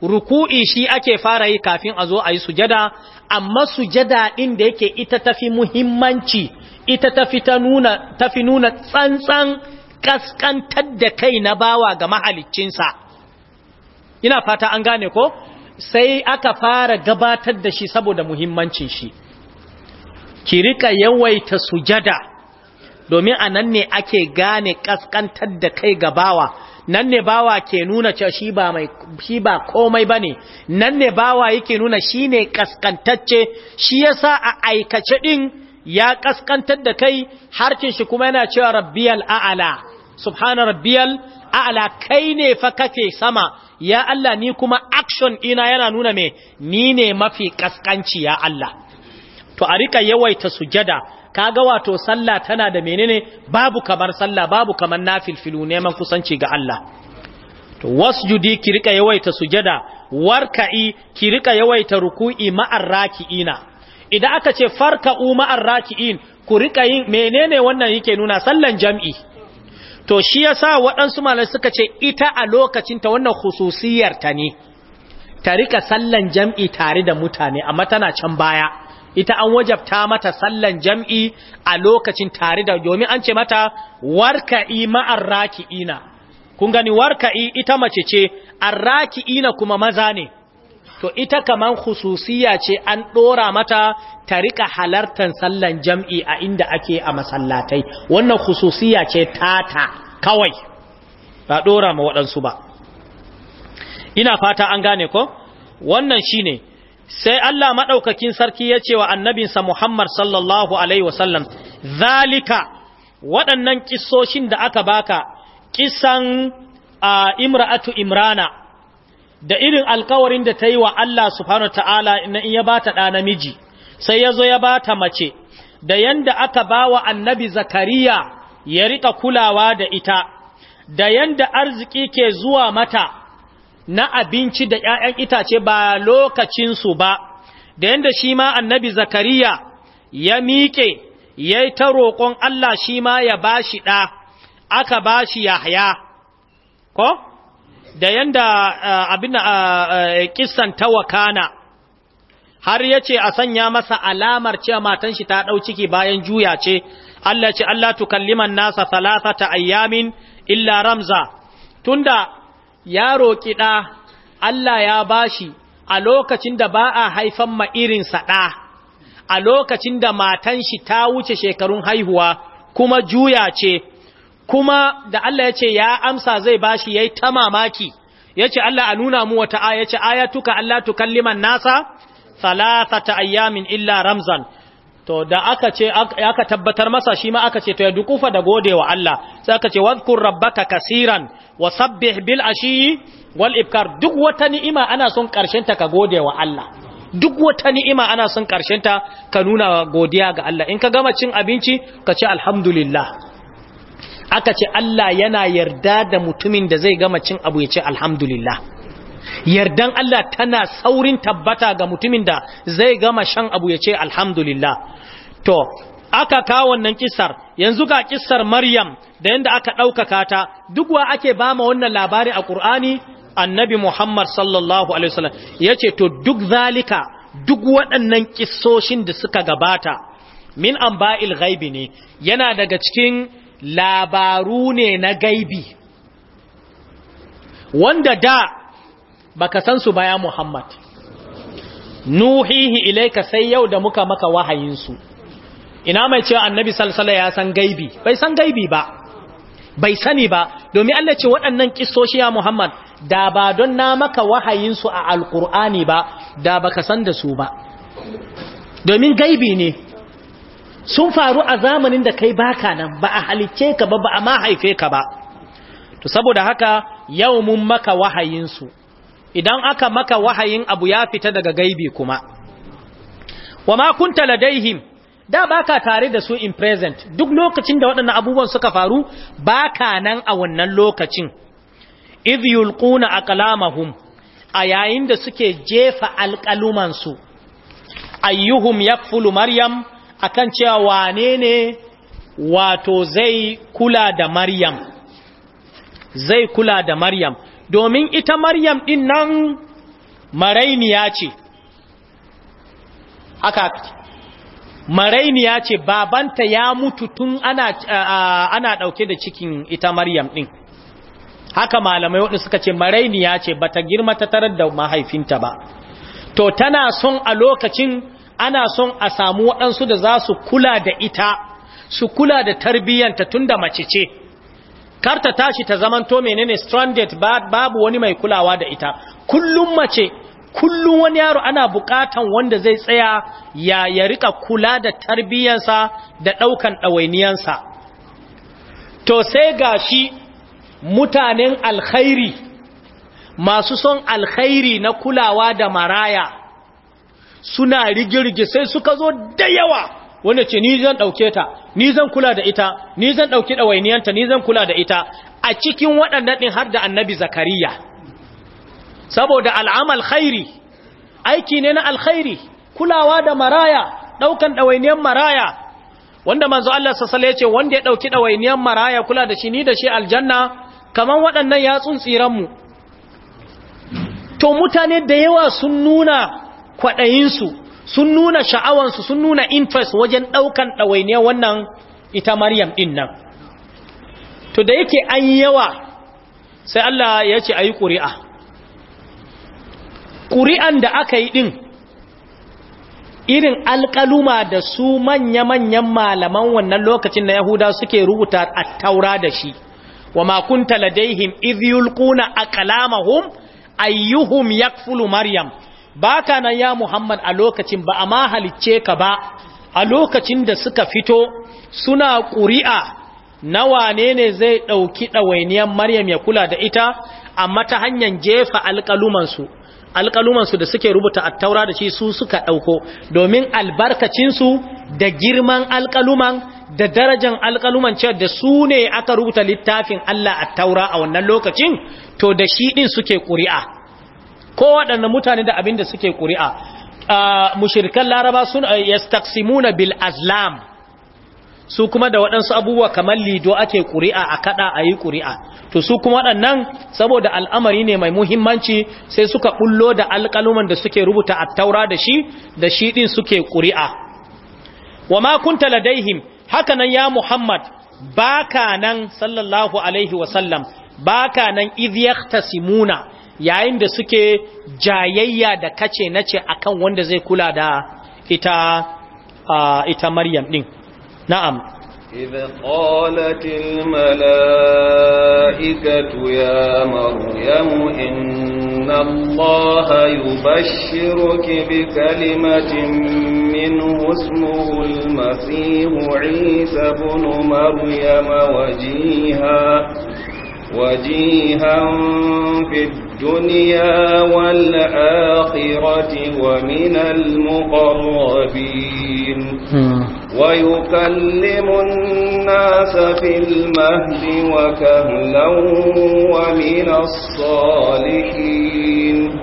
ruku'i shi ake fara yi kafin a zo a yi sujada amma sujada ɗin da yake ita tafi muhimmanci ita tafi ta nuna tafi nuna tsantsan kaskantar da kai na bawa ga mahaliccinsa ina fata an gane ko sai aka fara gabatar da shi saboda muhimmancin shi ki rika yawaita sujada domin a nan ne ake gane kaskantar da kai ga bawa nan ne bawa ke nuna cewa shi ba mai shi ba komai bane nan ne bawa yake nuna shine kaskantacce shi yasa a aikace din ya kaskantar da kai harkin shi kuma yana cewa rabbiyal a'ala subhana rabbiyal a'ala kai ne fa kake sama ya Allah ni kuma action ina yana nuna me ni ne mafi kaskanci ya Allah to a rika yawaita sujada kaga wato sallah tana da menene babu kamar sallah babu kamar nafilfilu neman kusanci ga Allah to wasjudi ki rika yawaita sujada warka'i ki rika yawaita ruku'i ma'ar raki'ina idan aka ce farka'u ma'ar raki'in ku rika yin menene wannan yake nuna sallan jam'i to shi yasa waɗansu malai suka ce ita a lokacin ta wannan khususiyar ta ne ta rika sallan jam'i tare da mutane amma tana can baya ita an wajabta mata sallan jam'i a lokacin tare da domin an ce mata warka'i ma'ar raki'ina kun gani warka'i ita mace ce arraki'ina kuma maza ne to ita kaman hususiya ce an ɗora mata ta riƙa halartar sallan jam'i a inda ake a masallatai wannan khususiya ce tata kawai ba ɗora ma waɗansu ba ina fata an gane ko wannan shine sai Allah maɗaukakin sarki ya ce wa annabinsa Muhammad sallallahu Alaihi wasallam, Zalika waɗannan ƙisoshin da aka baka, ƙisan a imra'atu imrana, da irin alkawarin da ta yi wa Allah subhanahu ta'ala na iya ba ta ɗa namiji, sai ya zo ya ba ta mace, da yanda aka ba wa annabi Zakariya ya riƙa kulawa da ita, da yanda arziki ke zuwa mata, na abinci da ‘ya'yan itace ba lokacinsu ba, da yadda shi ma annabi Zakariya ya miƙe, ya yi ta roƙon Allah shi ma ya ba shi ɗa, aka ba shi Yahya, ko? Da yadda abin ƙisan tawakana, wakana, har ya ce a sanya masa alamar ce matan shi ta ɗau ciki bayan juya ce, Allah ce Allah tukalliman nasa salasa ta ayyamin illa ramza, tunda ya roƙi ɗa Allah ya bashi a lokacin da ba a haifan ma irinsa ɗa a lokacin da matan shi ta wuce shekarun haihuwa kuma juya ce kuma da Allah ya ce ya amsa zai bashi yayi ta mamaki ya ce Allah a nuna mu wata aya yace ayatuka Allah tukalliman nasa ta ayyamin illa ramzan to da aka ce aka tabbatar masa shi ma aka ce to ya dukufa da gode wa Allah sai aka ce wadhkur rabbaka kasiran wa bil ashi wal ibkar duk wata ni'ima ana son karshen ta ka gode wa Allah duk wata ni'ima ana son karshen ta ka nuna godiya ga Allah in ka gama cin abinci ka ce alhamdulillah aka ce Allah yana yarda da mutumin da zai gama cin abu ya ce alhamdulillah yardan Allah tana saurin tabbata ga mutumin da zai gama shan abu ya ce alhamdulillah to aka kawo wannan kissar yanzu ga kissar maryam da yanda aka ɗaukaka ta duk wa ake ba ma wannan labari a ƙur'ani annabi muhammad sallallahu alaihi wasallam ya ce to duk zalika duk waɗannan kissoshin da suka gabata min an ba'il gaibi ne yana daga cikin labaru ne na gaibi wanda da baka san su baya muhammad nuhihi ilaika sai yau da muka maka wahayinsu ina mai cewa annabi salsala ya san gaibi bai san gaibi ba bai sani ba domin Allah ce waɗannan kissoshi ya Muhammad da ba don na maka wahayinsu a alkur'ani ba da baka san da su ba domin gaibi ne sun faru a zamanin da kai baka nan ba a halicce ka ba ba a ma haife ka ba to saboda haka yau mun maka su. idan aka maka wahayin abu ya fita daga gaibi kuma wa ma kunta ladaihim da baka tare da su in present duk lokacin da waɗannan abubuwan suka faru baka nan a wannan lokacin If yulquna aqlamahum a yayin da suke jefa alƙaluman su ayyuhum yakfulu maryam akan cewa wane ne wato zai kula da maryam zai kula da maryam domin ita maryam din nan marainiya ce haka Maraini ya ce babanta ya mutu tun ana ana dauke da cikin ita maryam ɗin haka malamai waɗanda suka ce maraini ya ce bata girma ta tarar da mahaifinta ba to tana son a lokacin ana son a samu waɗansu da za su kula da ita su kula da tarbiyyanta tun da mace ce karta tashi ta zamanto menene stranded babu wani mai kulawa da ita kullum mace kullum wani yaro ana buƙatan wanda zai tsaya ya ya rika kula da tarbiyyansa da ɗaukan ɗawainiyansa to sai ga shi mutanen alkhairi masu son alkhairi na kulawa da maraya suna rigirgi sai suka zo da yawa wanda ce ni zan ɗauke ta ni zan kula da ita ni zan ɗauki ɗawainiyanta ni zan kula da ita a cikin waɗannan ɗin har da annabi zakariya saboda al'amal khairi aiki ne na alkhairi kulawa da maraya ɗaukan ɗawainiyar maraya wanda manzo Allah sassale ya ce wanda ya ɗauki ɗawainiyar maraya kula da shi ni da shi aljanna kamar waɗannan yatsun tsiranmu to mutane da yawa sun nuna kwaɗayinsu sun nuna sha'awansu sun nuna interest wajen ɗaukan ɗawainiyar wannan ita maryam ɗin nan to da yake an yawa sai Allah ya ce a yi ƙuri'a ƙuri'an da aka yi ɗin irin alƙaluma da su manya-manyan malaman wannan lokacin na yahuda suke rubuta a taura da shi wa makunta ladaihim kuna a ayyuhun ya fulu maryam ba ka nan ya muhammad a lokacin ba a ma ka ba a lokacin da suka fito suna ƙuri'a na wane ne zai ɗauki ɗawainiyar maryam ya kula da ita amma ta hanyar jefa alƙalumansu alƙalumansu da suke rubuta attaura da shi su suka ɗauko domin albarkacinsu da girman alƙaluman da darajan alƙaluman cewa da su ne aka rubuta littafin Allah attaura a wannan lokacin to da shi ɗin suke ƙuri'a ko waɗannan mutane da abin da suke ƙuri'a ah, mushirkan laraba sun eh, yastaksimuna bil azlam su kuma da waɗansu abubuwa kamar lido ake ƙuri'a a kaɗa a yi ƙuri'a to su kuma waɗannan saboda al'amari ne mai muhimmanci sai suka ɓullo da alƙaluman da suke rubuta a taura da shi da shi ɗin suke ƙuri'a wa makunta ladaihim haka nan ya muhammad baka nan sallallahu alaihi wasallam baka nan Simuna yayin da suke jayayya da kace nace akan wanda zai kula da ita ita maryam ɗin نعم إذ قالت الملائكة يا مريم إن الله يبشرك بكلمة منه اسمه المسيح عيسى بن مريم وجيها وجيها في الدنيا الدنيا والآخرة ومن المقربين ويكلم الناس في المهد وكهلا ومن الصالحين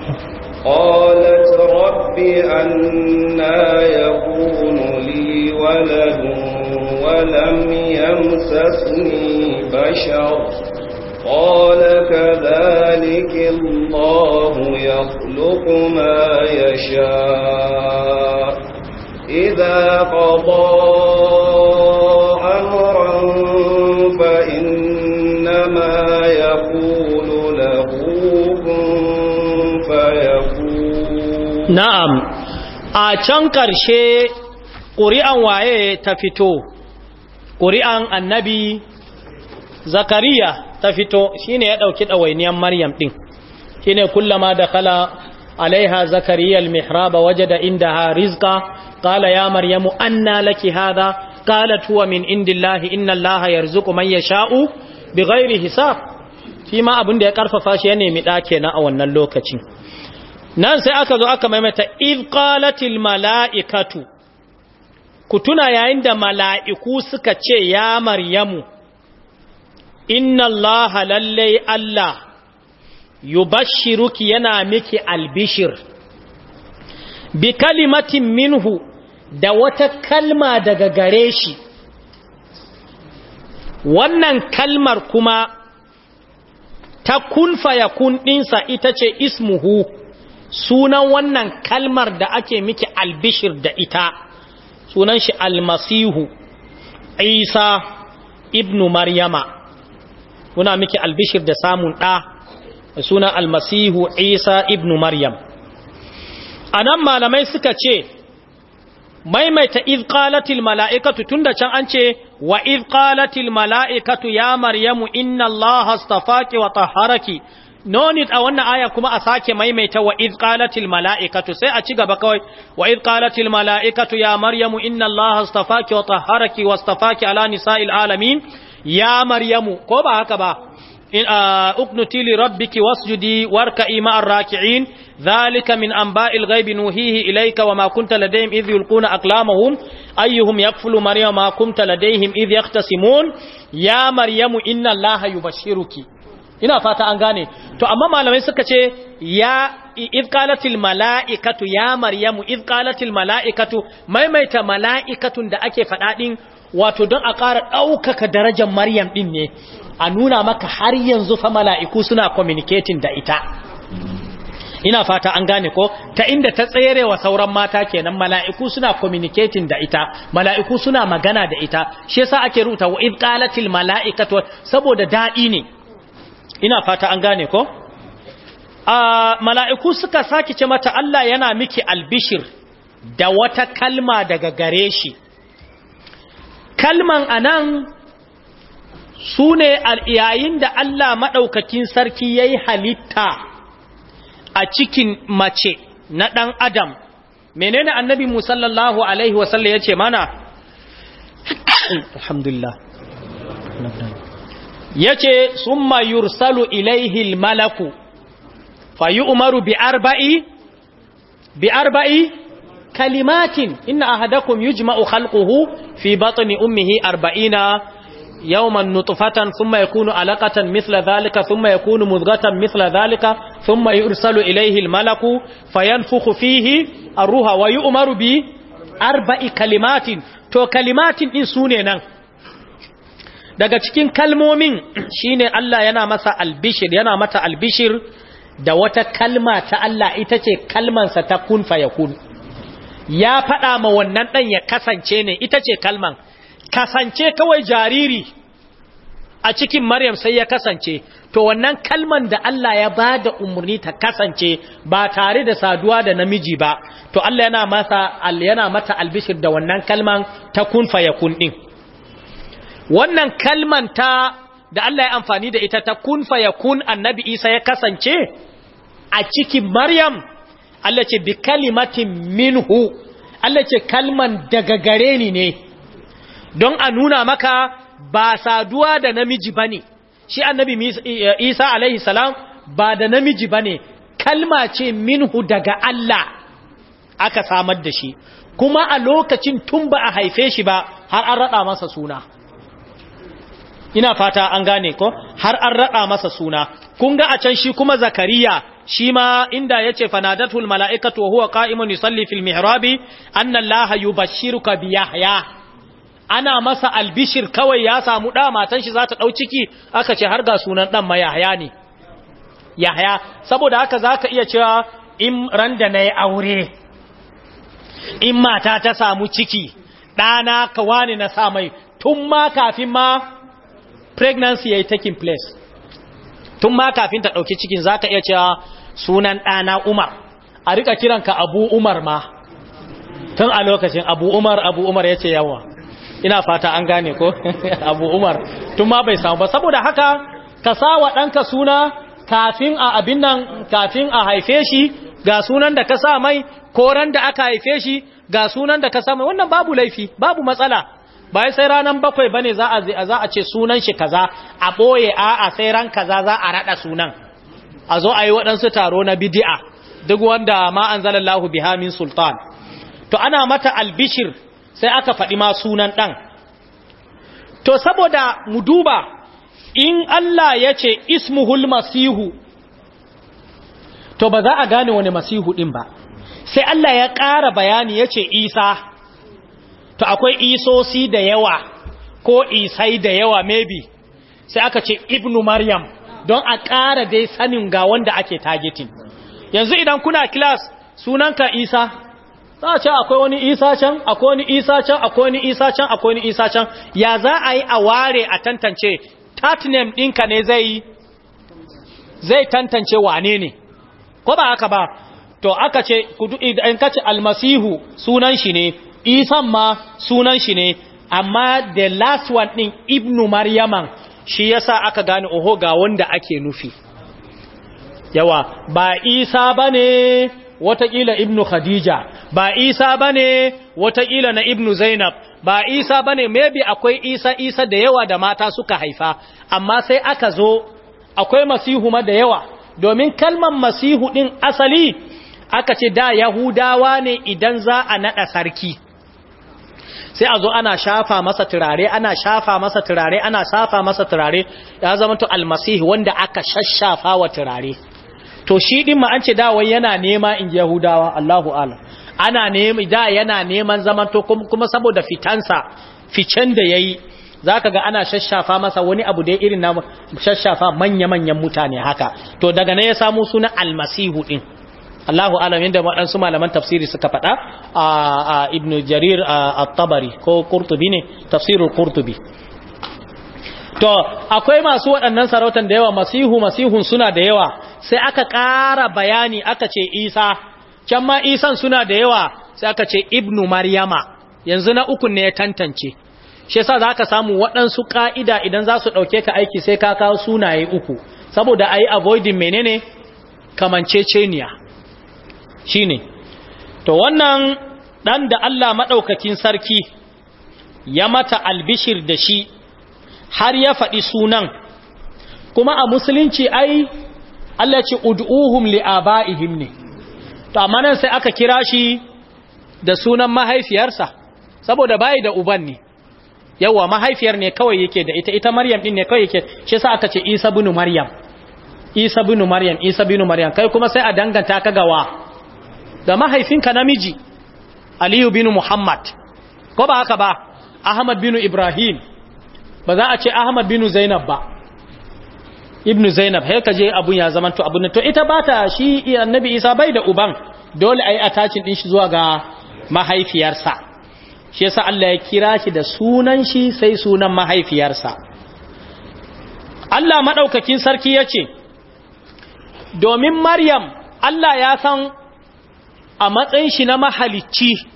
قالت رب أنا يكون لي ولد ولم يمسسني بشر قال وكذلك الله يخلق ما يشاء إذا قضى أمرا فإنما يقول له كن فيكون نعم أعشان كرشي قرئا وعيه تفتو قرئا النبي زكريا ta fito shine ya dauki dawainiyan maryam din shine kullama da kala alaiha zakariya almihraba wajada indaha rizqa qala ya maryamu anna laki hadha qalat huwa min indillahi inna allaha yarzuqu man yasha'u bighairi hisab shi ma abin da ya karfafa shi ya nemi dake na a wannan lokacin nan sai aka zo aka maimaita id qalatil mala'ikatu ku tuna yayin da mala'iku suka ce ya maryamu inna Allah lallai Allah yubashiruki yana miki albishir bi kalimatin minhu da wata kalma daga gare shi wannan kalmar kuma ta kunfa ya ɗinsa ita ce ismuhu sunan wannan kalmar da ake miki albishir da ita sunan shi almasihu isa ibnu maryama muna miki albishir da samun ɗa suna almasihu isa ibn maryam a nan malamai suka ce maimaita izkalatil mala'ikatu tun da can an ce wa izkalatil mala'ikatu ya maryamu inna allaha astafaki wa taharaki nonit a wannan aya kuma a sake maimaita wa izkalatil mala'ikatu sai a ci gaba kawai wa izkalatil mala'ikatu ya maryamu inna allaha astafaki wa taharaki wa astafaki ala nisa'il alamin ya maryamu ko ba haka ba اقنتي uh, rabbiki واسجدي warka'i مع الراكعين ذلك من أنباء الغيب نوحيه إليك وما كنت لديهم إذ يلقون أقلامهم أيهم يكفل ina fata an gane to amma malamai suka ce ya idh qalatil malaikatu ya maryamu idh qalatil malaikatu maimaita malaikatun da ake fada din wato don a ƙara ɗaukaka darajar maryam ɗin ne a nuna maka har yanzu fa mala'iku suna communicating da ita ina fata an gane ko ta inda ta tsere wa sauran mata kenan mala'iku suna communicating da ita mala'iku suna magana da ita shi yasa ake rubuta wa ibqalatil mala'ikatu saboda dadi ne ina fata an gane ko a mala'iku suka saki ce mata Allah yana miki albishir da wata kalma daga gare shi kalman anan su ne yayin da Allah maɗaukakin sarki ya yi halitta a cikin mace na ɗan adam menene annabi musallallahu alaihi wasallam ya ce mana alhamdulillah ya ce sun yursalu ilaihil malaku fayi umaru bi arba'i bi arba'i kalimatin inna ahadakum yujma'u khalquhu fi batni ummihi 40 yawman nutfatan thumma yakunu alaqatan mithla dhalika thumma yakunu mudghatan mithla dhalika thumma yursalu ilayhi almalaku fayanfukhu fihi arruha wa yu'maru bi arba'i kalimatin to kalimatin din sune nan daga cikin kalmomin shine Allah yana masa albishir yana mata albishir da wata kalma ta Allah ita ce kalmansa ta kun fayakun ya faɗa ma wannan ɗan ya kasance ne ita ce kalman kasance kawai jariri a cikin maryam sai ya kasance to wannan kalman da Allah ya ba da umarni ta kasance ba tare da saduwa da namiji ba to Allah yana masa yana mata albishir da wannan kalman ta kun fa yakun din wannan kalman ta da Allah ya amfani da ita ta kun fa yakun annabi Isa ya kasance a cikin maryam Allah ce bi kalimatin minhu Allah ce kalman daga gare ni ne don a nuna maka ba saduwa da namiji bane shi annabi eh, Isa alaihi salam ba da namiji bane kalma ce minhu daga Allah aka samar da shi kuma a lokacin tun ba a haife shi ba har an rada masa suna ina fata an gane ko har an rada masa suna kun ga a can shi kuma zakariya shi ma inda yace fanadatul mala'ikatu wa huwa qa'imun yusalli fil mihrabi anna allaha yubashshiruka bi yahya ana masa albishir kawai ya samu da matan shi za ta dau ciki aka ce har ga sunan dan ma yahaya ne yahya saboda haka zaka iya cewa in ran da nayi aure in mata ta samu ciki ɗana ka wani na sa mai tun ma kafin ma pregnancy ya taking place tun ma kafin ta ɗauki cikin zaka iya cewa sunan ɗana umar a rika kiranka abu umar ma tun a lokacin abu umar abu umar ya ce yawa ina fata an gane ko abu umar tun ma bai samu ba saboda haka ka sa wa ɗanka suna kafin a abin nan kafin a haife shi ga sunan da ka sa mai koran da aka haife shi ga sunan da ka sa mai wannan babu laifi babu matsala bai sai ranan bakwai bane za a ce sunan shi kaza a ɓoye a a sai ran kaza za a rada sunan a zo a yi waɗansu taro na bidi'a duk wanda ma an biha min sultan to ana mata albishir sai aka faɗi ma sunan ɗan to saboda mu duba in Allah ya ce ismuhul masihu to ba za a gane wani masihu ɗin ba sai Allah ya ƙara bayani ya ce isa to akwai isosi da yawa ko isai da yawa maybe sai aka ce ibnu maryam don a ƙara dai sanin ga wanda ake targeting yanzu idan kuna class sunanka isa za a ce akwai wani isa can akwai wani isa can akwai wani isa can akwai wani isa can ya za a yi a ware a tantance tatinem ɗinka ne zai zai tantance wane ne ko ba haka ba to aka ce in kace almasihu sunan shi ne isan ma sunan shi ne amma the last one ɗin ibnu maryaman shi yasa aka gane oho ga wanda ake nufi yawa ba isa bane watakila ibnu khadija ba isa bane watakila na ibnu zainab ba isa bane maybe akwai isa isa da yawa da mata suka haifa amma sai aka zo akwai masihu ma da yawa domin kalman masihu din asali aka ce da yahudawa ne idan za a nada sarki sai a zo ana shafa masa turare ana shafa masa turare ana shafa masa turare ya zama to almasihi wanda aka shashafa wa turare to shi din ma an ce da wai yana nema in yahudawa Allahu alam ana nema da yana neman zaman to kuma saboda fitansa ficen da yayi zaka ga ana shashafa masa wani abu da irin na shashafa manya-manyan mutane haka to daga ne ya samu sunan almasihu din Allahu alam inda waɗansu malaman tafsiri suka faɗa a ibn jarir at-tabari ko qurtubi ne tafsirul kurtubi. to akwai masu waɗannan sarautan da yawa masihu masihun suna da yawa sai aka ƙara bayani aka ce isa can ma isan suna da yawa sai aka ce ibnu maryama yanzu na uku ne ya tantance shi yasa za ka samu waɗansu ƙa'ida idan za su ɗauke ka aiki sai ka kawo sunaye uku saboda a yi avoiding menene kamanceceniya Shi ne to wannan ɗan da Allah maɗaukakin sarki ya mata albishir da shi har ya faɗi sunan kuma a musulunci ai Allah ce ud'uhum li'aba'ihim ne to amma nan sai aka kira shi da sunan mahaifiyarsa saboda bai da uban ne yawa mahaifiyar ne kawai yake da ita ita maryam din ne kawai yake shi sa aka ce isa binu maryam isa binu maryam isa binu maryam kai kuma sai a danganta ka gawa da mahaifinka namiji aliyu binu muhammad ko ba haka ba ahmad binu ibrahim ba za a ce ahmad binu zainab ba ibnu zainab sai ka je abun ya zama to abun to ita bata ta shi annabi isa bai da uban dole ai attachin din shi zuwa ga mahaifiyarsa shi yasa Allah ya kira shi da sunan shi sai sunan mahaifiyarsa Allah madaukakin sarki ya ce domin maryam Allah ya san a matsayin shi na mahalicci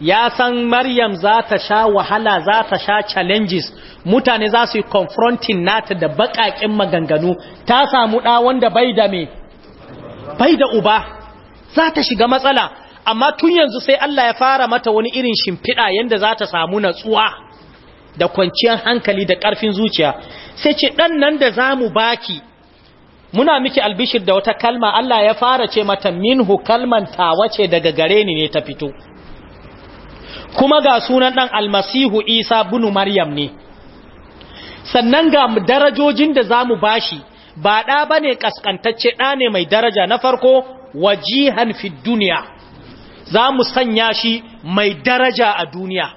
ya san maryam za ta sha wahala za ta sha challenges mutane za su yi confronting nata da baƙaƙen maganganu ta samu ɗa wanda bai da me bai da uba za ta shiga matsala amma tun yanzu sai Allah ya fara mata wani irin shimfiɗa yanda za ta samu natsuwa da kwanciyar hankali da ƙarfin zuciya sai ce ɗan nan da za mu baki muna miki albishir da wata kalma Allah ya fara ce mata minhu kalman tawa ce daga gare ni ne ta fito kuma ga sunan dan almasihu isa bunu maryam ne sannan ga darajojin da zamu bashi ba da bane ne ƙasƙantacce ɗa ne mai daraja na farko wajihan fi duniya za mu sanya shi mai daraja a duniya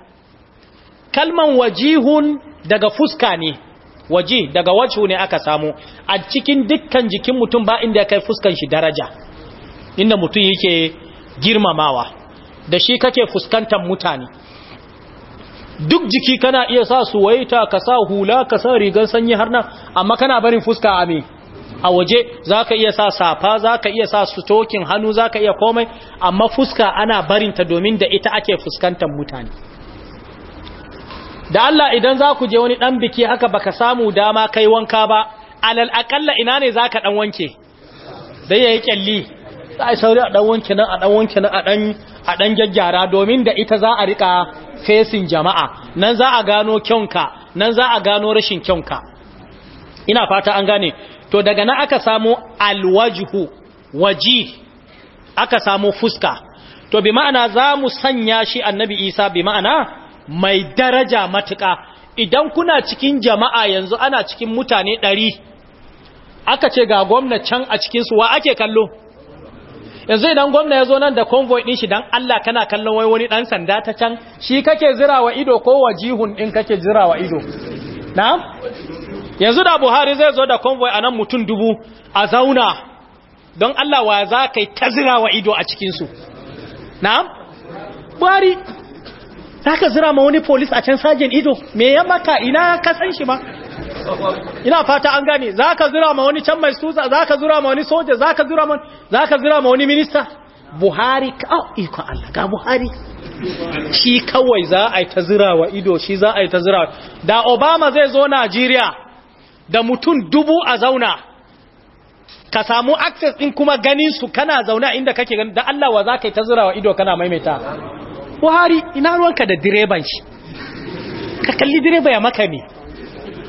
kalman wajihun daga fuska ne waje daga wacce ne aka samu a cikin dukkan jikin mutum ba inda ya kai fuskan shi daraja inda mutum yake girmamawa da shi kake fuskantar mutane duk jiki kana iya sa su waita ka sa hula ka sa rigar sanyi har nan amma kana barin fuska a me a waje za ka iya sa safa za ka iya sa stokin hannu za ka iya komai amma fuska ana barinta domin da ita ake fuskantar mutane da Allah idan za ku je wani ɗan biki haka baka samu dama kai wanka ba alal akalla ina ne za ka ɗan wanke da ya yi ƙyalli za a sauri a ɗan wanke nan a ɗan wanke nan a ɗan gyaggyara domin da ita za a riƙa fesin jama'a nan za a gano kyonka nan za a gano rashin kyonka ina fata an gane to daga nan aka samu alwajihu waji aka samu fuska to bi ma'ana za mu sanya shi annabi isa bi ma'ana mai daraja matuka idan kuna cikin jama'a yanzu ana cikin mutane ɗari aka ce ga gwamna can a cikinsu wa ake kallo yanzu idan gwamna ya zo nan da convoy ɗin shi don Allah kana kallon wai wani ɗan sanda ta can shi kake zira wa ido ko wa jihun ɗin kake zira wa ido na? yanzu da buhari zai zo da convoy a nan mutum dubu a zauna don Allah wa za ka yi ta zira wa ido a cikinsu na? buhari ka zira ma wani police a can sajen ido me ya maka ina ka san shi ma ina fata an gane Za ka zira ma wani can mai suza ka zira ma wani soja zaka zira ma zaka zira ma wani minista Buhari ka oh, iko Allah ga Buhari shi kawai za a yi ta zira wa ido shi za a yi ta zira da Obama zai zo Najeriya da mutum dubu a zauna ka samu access din kuma ganin su kana zauna inda kake gani da Allah wa za ka yi ta zira wa ido kana maimaita buhari ina ruwanka da direban shi ka kalli direba ya maka ne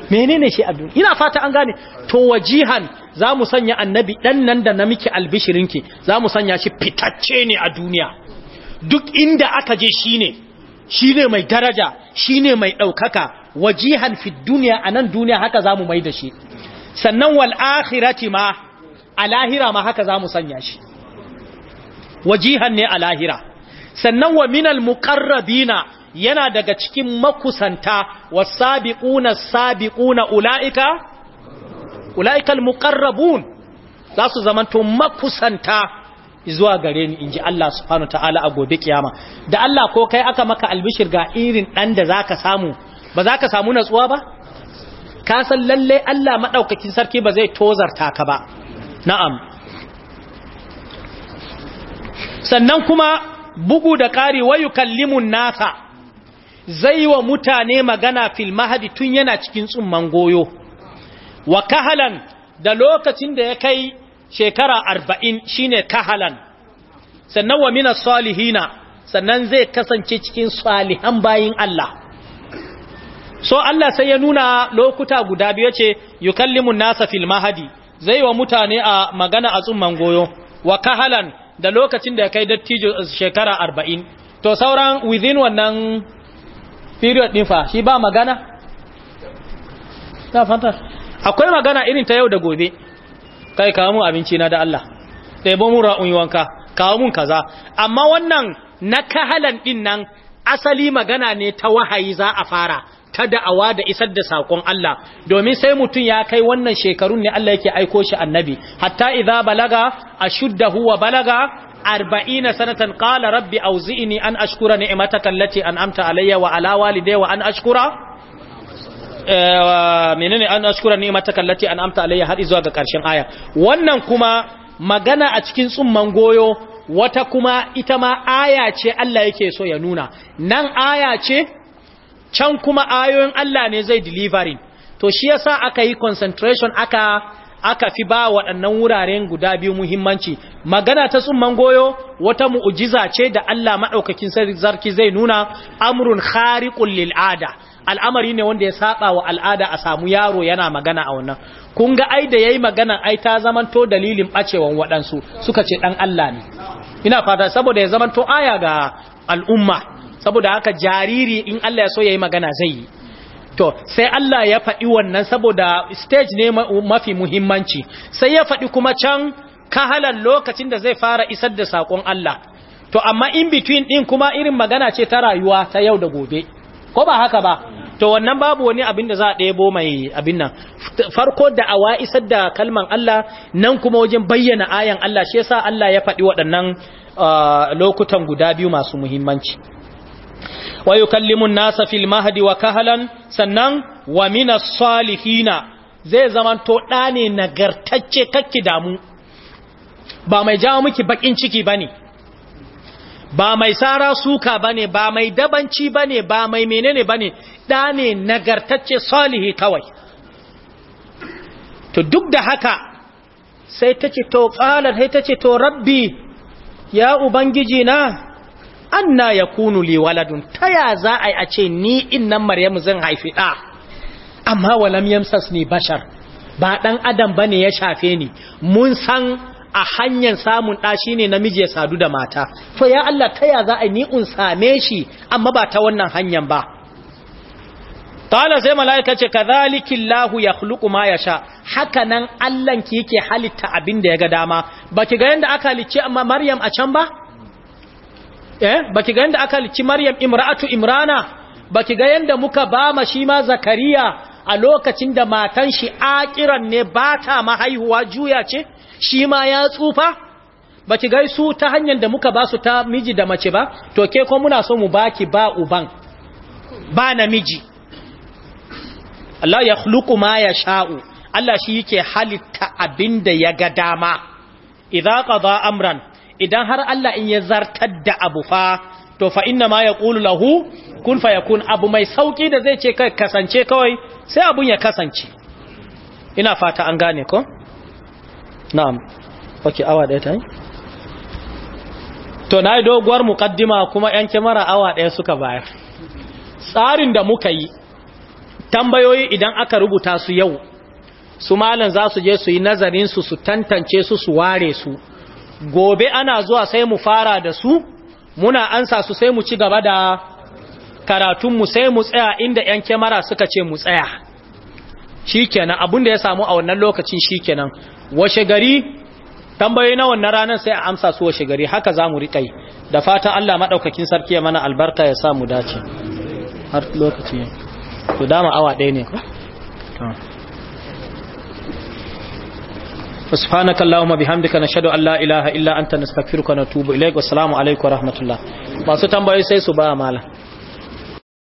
menene shi abin ina fata an gane to wajihan za mu sanya annabi dan nan da na miki albishirinki za mu sanya shi fitacce ne a duniya duk inda aka je shi ne shi ne mai daraja shi ne mai ɗaukaka wajihan fi duniya a nan duniya haka za mu mai da shi sannan wal ma a lahira ma haka za mu sanya shi wajihan ne a lahira sannan wa minal muqarrabina yana daga cikin makusanta wasabiquna sabiquna ulaika ulaika almuqarrabun za su zamanto makusanta zuwa gare ni inji Allah subhanahu ta'ala a gobe kiyama da Allah ko kai aka maka albishir ga irin dan da zaka samu ba zaka samu natsuwa ba ka san lalle Allah madaukakin sarki ba zai tozarta ka ba na'am sannan kuma bugu da ƙari wayu kallimun nasa zai wa mutane magana fil mahadi tun yana cikin tsumman goyo wa kahalan da lokacin da ya kai shekara arba'in shine kahalan sannan wa mina salihina sannan zai kasance cikin salihan bayin Allah so Allah sai ya nuna lokuta guda biyu ce yukallimun nasa fil mahadi zai wa mutane a magana a tsumman goyo wa kahalan da lokacin da ya kai dattijo eh, shekara arba'in to sauran within wannan period din fa shi ba magana? ta fanta akwai magana irin ta yau da gobe kai kawo mun abinci na da Allah ɗaibo mun ra'un wanka kawo mun kaza amma wannan na kahalan din nan asali magana ne ta wahayi za a fara ta da'awa da isar da sakon Allah domin sai mutum ya kai wannan shekarun ne Allah yake aiko shi annabi hatta idza balaga ashuddahu wa balaga 40 sanatan qala rabbi auzi'ni an ashkura ni'mataka allati an'amta alayya wa ala walidayya wa an ashkura eh, menene an ashkura ni'mataka allati an'amta alayya har zuwa ga karshen aya wannan kuma magana a cikin tsumman goyo wata kuma ita ma aya ce Allah yake so ya nuna nan aya ce can kuma ayoyin Allah ne zai delivering to shi yasa aka yi concentration aka aka fi ba waɗannan wuraren guda biyu muhimmanci magana ta tsumman goyo wata mu'ujiza ce da Allah maɗaukakin sarki zai nuna amrun khariqul lil ada al'amari ne wanda ya saba wa al'ada a samu yaro yana magana a wannan kun ga ai da yayi magana ai ta zamanto dalilin bacewan waɗansu suka ce dan Allah ne ina fata saboda ya zamanto aya ga al'umma saboda haka jariri in Allah ya so ya yi magana zai yi to sai Allah ya faɗi wannan saboda stage ne mafi muhimmanci sai ya faɗi kuma can kahalar lokacin da zai fara isar da sakon Allah to amma in between ɗin kuma irin magana ce ta rayuwa ta yau da gobe ko ba haka ba to wannan babu wani abin da za a ɗebo mai abin nan farko da awa isar da kalman Allah nan kuma wajen bayyana ayan Allah shi yasa Allah ya faɗi waɗannan ah, lokutan guda biyu masu muhimmanci wa yukallimun nasa fil mahadi wa kahalan sannan wa minas salihina zai zamanto ɗa ne nagartacce kakki damu ba mai jawo miki bakin ciki bane ba mai sara suka bane ba mai dabanci bane ba mai menene bane ɗa ne nagartacce salihi kawai to duk da haka sai ta ce to ƙalar sai ta ce to rabbi ya ubangiji na anna ya kunu li waladun ya za a yi a ce ni innan Maryam zan haifi ɗa amma walam yamsas ni bashar ba ɗan adam ba ne ya shafe ni mun san a hanyar samun ɗa shi ne namiji ya sadu da mata to ya Allah taya za a yi ni un same shi amma ba ta wannan hanyar ba Kala sai mala'ika ce, Ka zalikin lahu ya hulku ma ya sha, haka nan Allahnki yake halitta abin da ya ga dama, ba ki ga yadda aka halicci amma Maryam a can ba? eh baki ga yanda aka halici maryam imra'atu imrana baki ga yanda muka ba ma shi ma zakariya a lokacin da matan shi akiran ne ba ta mahaihuwa juya ce shi ma ya tsufa baki ga su ta hanyar da muka ba su ta miji da mace ba to ke ko muna so mu baki ba uban ba namiji Allah ya khluqu ma yasha'u Allah shi yake halitta abinda ya ga dama idza qada amran idan har Allah in ya zartar da abu fa to fa inna ma yaqulu lahu kun fa yakun abu mai sauki da zai ce kai kasance kawai sai abun ya kasance ina fata an gane ko na'am oke awa daya tai to nayi doguwar muqaddima kuma yan kamera awa daya suka bayar tsarin da muka yi tambayoyi idan aka rubuta su yau su malan za su je su yi nazarin su su tantance su su ware su gobe ana zuwa sai mu fara da su muna ansa su sai mu ci gaba da karatunmu sai mu tsaya inda 'yan kyamara suka ce mu tsaya shikenan abin da ya samu a wannan lokacin shikenan washe gari tambayoyi na wannan ranar sai a amsa su washe gari haka za mu riƙai da fatan Allah maɗaukakin sarki ya mana albarka ya sa dace har lokaci to dama awa ɗaya ne subhanaka allahumma bihamdika nashhadu an la ilaha illa anta nastaghfiruka wa natubu ilaik wa assalamu alaikum wa rahmatullah masu tambayoyi sai su ba malam